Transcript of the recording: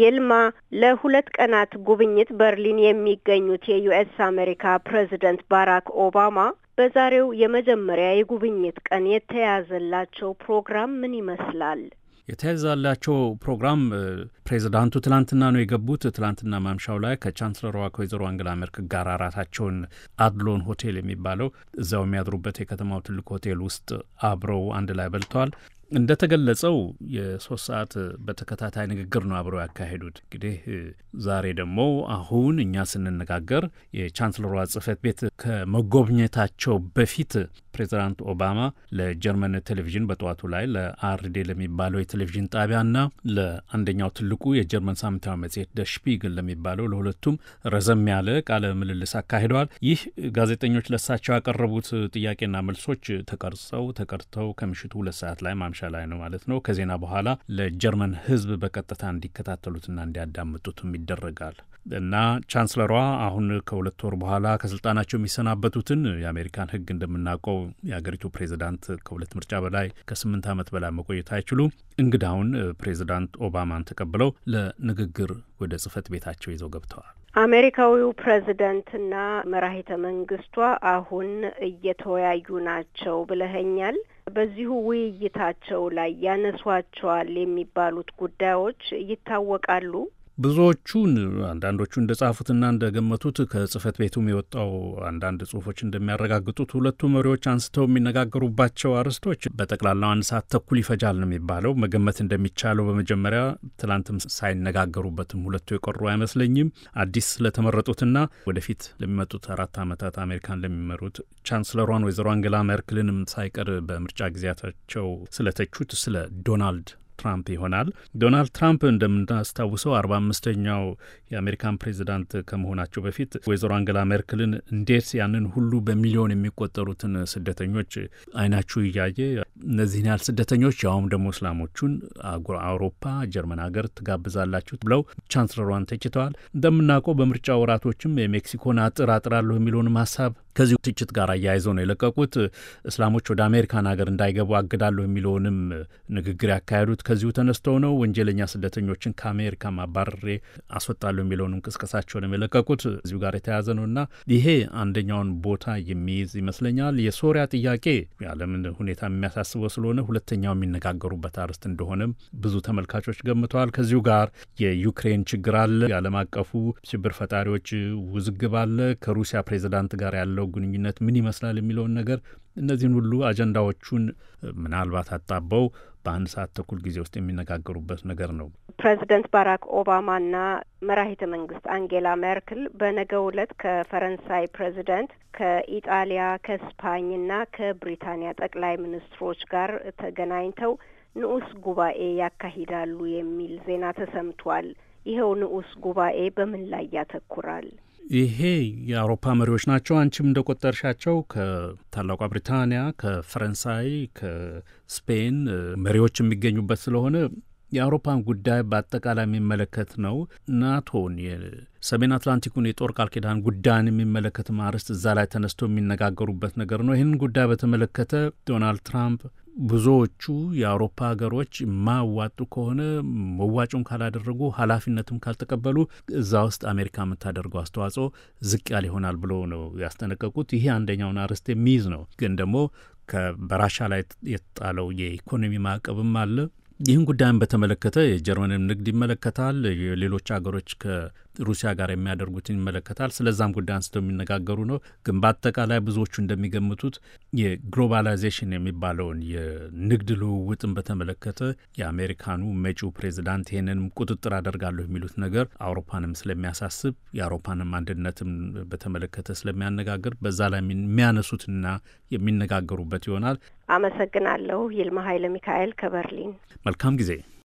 ይልማ ለሁለት ቀናት ጉብኝት በርሊን የሚገኙት የዩኤስ አሜሪካ ፕሬዚደንት ባራክ ኦባማ በዛሬው የመጀመሪያ የጉብኝት ቀን የተያዘላቸው ፕሮግራም ምን ይመስላል? የተያዘላቸው ፕሮግራም ፕሬዚዳንቱ ትላንትና ነው የገቡት። ትላንትና ማምሻው ላይ ከቻንስለሯ ከወይዘሮ አንግላ መርክል ጋር አራታቸውን አድሎን ሆቴል የሚባለው እዚያው የሚያድሩበት የከተማው ትልቅ ሆቴል ውስጥ አብረው አንድ ላይ በልተዋል። እንደተገለጸው የሶስት ሰዓት በተከታታይ ንግግር ነው አብረው ያካሄዱት። እንግዲህ ዛሬ ደግሞ አሁን እኛ ስንነጋገር የቻንስለሯ ጽህፈት ቤት ከመጎብኘታቸው በፊት ፕሬዚዳንት ኦባማ ለጀርመን ቴሌቪዥን በጠዋቱ ላይ ለአርዴ ለሚባለው የቴሌቪዥን ጣቢያና ለአንደኛው ትልቁ የጀርመን ሳምንታዊ መጽሔት ደሽፒግል ለሚባለው ለሁለቱም ረዘም ያለ ቃለ ምልልስ አካሂደዋል። ይህ ጋዜጠኞች ለሳቸው ያቀረቡት ጥያቄና መልሶች ተቀርጸው ተቀርተው ከምሽቱ ሁለት ሰዓት ላይ ማምሻ ላይ ነው ማለት ነው ከዜና በኋላ ለጀርመን ሕዝብ በቀጥታ እንዲከታተሉትና እንዲያዳምጡትም ይደረጋል። እና ቻንስለሯ አሁን ከሁለት ወር በኋላ ከስልጣናቸው የሚሰናበቱትን የአሜሪካን ሕግ እንደምናውቀው የአገሪቱ ፕሬዚዳንት ከሁለት ምርጫ በላይ ከስምንት ዓመት በላይ መቆየት አይችሉም። እንግዳውን ፕሬዚዳንት ኦባማን ተቀብለው ለንግግር ወደ ጽህፈት ቤታቸው ይዘው ገብተዋል። አሜሪካዊው ፕሬዚደንትና መራሂተ መንግስቷ አሁን እየተወያዩ ናቸው ብለኸኛል። በዚሁ ውይይታቸው ላይ ያነሷቸዋል የሚባሉት ጉዳዮች ይታወቃሉ? ብዙዎቹን አንዳንዶቹ እንደ እንደገመቱት ከጽህፈት ቤቱም የወጣው አንዳንድ ጽሁፎች እንደሚያረጋግጡት ሁለቱ መሪዎች አንስተው የሚነጋገሩባቸው አርዕስቶች በጠቅላላው አንድ ሰዓት ተኩል ይፈጃል ነው የሚባለው። መገመት እንደሚቻለው በመጀመሪያ ትላንትም ሳይነጋገሩበትም ሁለቱ የቀሩ አይመስለኝም። አዲስ ስለተመረጡትና ወደፊት ለሚመጡት አራት ዓመታት አሜሪካን ለሚመሩት ቻንስለሯን ወይዘሮ አንገላ ሜርክልንም ሳይቀር በምርጫ ጊዜያታቸው ስለተቹት ስለ ዶናልድ ትራምፕ ይሆናል። ዶናልድ ትራምፕ እንደምናስታውሰው አርባ አምስተኛው የአሜሪካን ፕሬዚዳንት ከመሆናቸው በፊት ወይዘሮ አንገላ ሜርክልን እንዴት ያንን ሁሉ በሚሊዮን የሚቆጠሩትን ስደተኞች አይናችሁ እያየ እነዚህን ያህል ስደተኞች ያውም ደግሞ እስላሞቹን አውሮፓ ጀርመን ሀገር ትጋብዛላችሁ ብለው ቻንስለሯን ተችተዋል። እንደምናውቀው በምርጫ ወራቶችም የሜክሲኮን አጥር አጥራለሁ የሚለውንም ሀሳብ ከዚሁ ትችት ጋር አያይዘው ነው የለቀቁት። እስላሞች ወደ አሜሪካን ሀገር እንዳይገቡ አግዳለሁ የሚለውንም ንግግር ያካሄዱት ከዚሁ ተነስተው ነው። ወንጀለኛ ስደተኞችን ከአሜሪካ ማባረሬ አስወጣለሁ የሚለውንም ቅስቀሳቸውንም የለቀቁት እዚሁ ጋር የተያያዘ ነው እና ይሄ አንደኛውን ቦታ የሚይዝ ይመስለኛል። የሶሪያ ጥያቄ የዓለምን ሁኔታ የሚያሳስበው ስለሆነ ሁለተኛው የሚነጋገሩበት አርዕስት እንደሆነም ብዙ ተመልካቾች ገምተዋል። ከዚሁ ጋር የዩክሬን ችግር አለ፣ የዓለም አቀፉ ሽብር ፈጣሪዎች ውዝግብ አለ፣ ከሩሲያ ፕሬዚዳንት ጋር ያለው ያለው ግንኙነት ምን ይመስላል የሚለውን ነገር እነዚህን ሁሉ አጀንዳዎቹን ምናልባት አጣበው በአንድ ሰዓት ተኩል ጊዜ ውስጥ የሚነጋገሩበት ነገር ነው። ፕሬዚደንት ባራክ እና መራሂተ መንግስት አንጌላ ሜርክል በነገው ዕለት ከፈረንሳይ ፕሬዚደንት፣ ከኢጣሊያ፣ ከስፓኝ እና ከብሪታንያ ጠቅላይ ሚኒስትሮች ጋር ተገናኝተው ንዑስ ጉባኤ ያካሂዳሉ የሚል ዜና ተሰምቷል። ይኸው ንዑስ ጉባኤ በምን ላይ ያተኩራል? ይሄ የአውሮፓ መሪዎች ናቸው። አንቺም እንደቆጠርሻቸው ከታላቋ ብሪታንያ፣ ከፈረንሳይ፣ ከስፔን መሪዎች የሚገኙበት ስለሆነ የአውሮፓን ጉዳይ በአጠቃላይ የሚመለከት ነው። ናቶን የሰሜን አትላንቲኩን የጦር ቃል ኪዳን ጉዳይን የሚመለከት ማርስት እዛ ላይ ተነስቶ የሚነጋገሩበት ነገር ነው። ይህንን ጉዳይ በተመለከተ ዶናልድ ትራምፕ ብዙዎቹ የአውሮፓ ሀገሮች የማያዋጡ ከሆነ መዋጮን ካላደረጉ ኃላፊነትም ካልተቀበሉ እዛ ውስጥ አሜሪካ የምታደርገው አስተዋጽኦ ዝቅ ያለ ይሆናል ብሎ ነው ያስጠነቀቁት። ይሄ አንደኛውን አርዕስት የሚይዝ ነው። ግን ደግሞ በራሻ ላይ የተጣለው የኢኮኖሚ ማዕቀብም አለ። ይህን ጉዳይን በተመለከተ የጀርመንን ንግድ ይመለከታል፣ ሌሎች ሀገሮች ከሩሲያ ጋር የሚያደርጉትን ይመለከታል። ስለዛም ጉዳይ አንስተው የሚነጋገሩ ነው። ግን በአጠቃላይ ብዙዎቹ እንደሚገምቱት የግሎባላይዜሽን የሚባለውን የንግድ ልውውጥን በተመለከተ የአሜሪካኑ መጪው ፕሬዚዳንት ይህንንም ቁጥጥር አደርጋለሁ የሚሉት ነገር አውሮፓንም ስለሚያሳስብ የአውሮፓንም አንድነትም በተመለከተ ስለሚያነጋግር በዛ ላይ የሚያነሱትና የሚነጋገሩበት ይሆናል። አመሰግናለሁ። ይልማ ኃይለ ሚካኤል ከበርሊን። መልካም ጊዜ።